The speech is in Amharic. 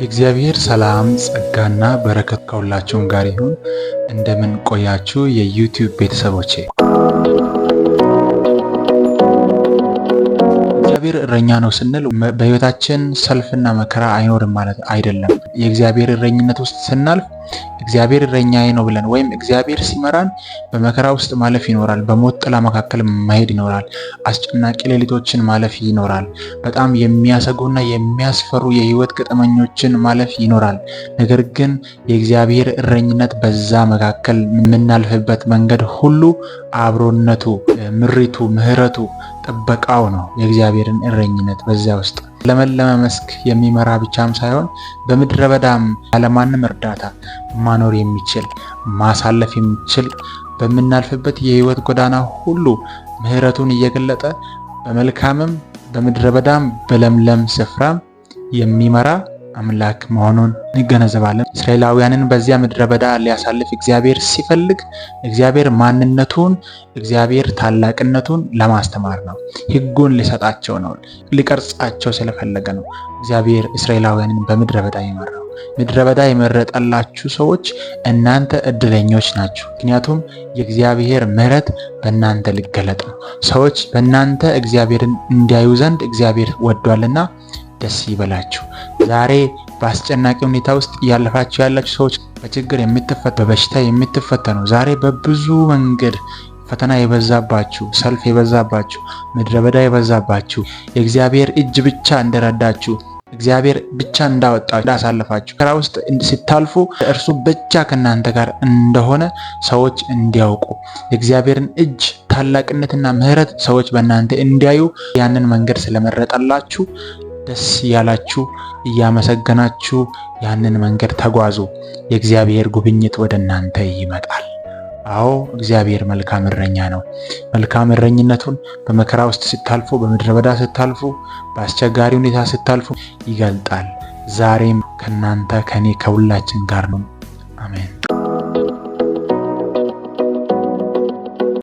የእግዚአብሔር ሰላም ጸጋና በረከት ከሁላችሁም ጋር ይሁን። እንደምን ቆያችሁ የዩቲዩብ ቤተሰቦቼ? እግዚአብሔር እረኛ ነው ስንል በህይወታችን ሰልፍና መከራ አይኖርም ማለት አይደለም። የእግዚአብሔር እረኝነት ውስጥ ስናልፍ እግዚአብሔር እረኛዬ ነው ብለን ወይም እግዚአብሔር ሲመራን በመከራ ውስጥ ማለፍ ይኖራል። በሞት ጥላ መካከል ማሄድ ይኖራል። አስጨናቂ ሌሊቶችን ማለፍ ይኖራል። በጣም የሚያሰጉና የሚያስፈሩ የህይወት ገጠመኞችን ማለፍ ይኖራል። ነገር ግን የእግዚአብሔር እረኝነት በዛ መካከል የምናልፍበት መንገድ ሁሉ አብሮነቱ፣ ምሪቱ፣ ምህረቱ፣ ጥበቃው ነው የእግዚአብሔርን እረኝነት በዚያ ውስጥ ለመለመ መስክ የሚመራ ብቻም ሳይሆን በምድረ በዳም ያለማንም እርዳታ ማኖር የሚችል ማሳለፍ የሚችል በምናልፍበት የህይወት ጎዳና ሁሉ ምህረቱን እየገለጠ በመልካምም በምድረ በዳም በለምለም ስፍራም የሚመራ አምላክ መሆኑን እንገነዘባለን። እስራኤላውያንን በዚያ ምድረ በዳ ሊያሳልፍ እግዚአብሔር ሲፈልግ እግዚአብሔር ማንነቱን፣ እግዚአብሔር ታላቅነቱን ለማስተማር ነው። ሕጉን ሊሰጣቸው ነው። ሊቀርጻቸው ስለፈለገ ነው እግዚአብሔር እስራኤላውያንን በምድረ በዳ የመራው። ምድረ በዳ የመረጠላችሁ ሰዎች እናንተ እድለኞች ናችሁ። ምክንያቱም የእግዚአብሔር ምሕረት በእናንተ ሊገለጥ ነው። ሰዎች በእናንተ እግዚአብሔርን እንዲያዩ ዘንድ እግዚአብሔር ወዷልና ደስ ይበላችሁ። ዛሬ በአስጨናቂ ሁኔታ ውስጥ እያለፋችሁ ያላችሁ ሰዎች በችግር የምትፈተኑ በበሽታ የምትፈተኑ ዛሬ በብዙ መንገድ ፈተና የበዛባችሁ፣ ሰልፍ የበዛባችሁ፣ ምድረ በዳ የበዛባችሁ የእግዚአብሔር እጅ ብቻ እንደረዳችሁ እግዚአብሔር ብቻ እንዳወጣ እንዳሳለፋችሁ ስራ ውስጥ ሲታልፉ እርሱ ብቻ ከእናንተ ጋር እንደሆነ ሰዎች እንዲያውቁ የእግዚአብሔርን እጅ ታላቅነትና ምሕረት ሰዎች በእናንተ እንዲያዩ ያንን መንገድ ስለመረጠላችሁ ደስ እያላችሁ እያመሰገናችሁ ያንን መንገድ ተጓዙ። የእግዚአብሔር ጉብኝት ወደ እናንተ ይመጣል። አዎ እግዚአብሔር መልካም እረኛ ነው። መልካም እረኝነቱን በመከራ ውስጥ ስታልፉ፣ በምድረ በዳ ስታልፉ፣ በአስቸጋሪ ሁኔታ ስታልፉ ይገልጣል። ዛሬም ከእናንተ ከእኔ ከሁላችን ጋር ነው። አሜን።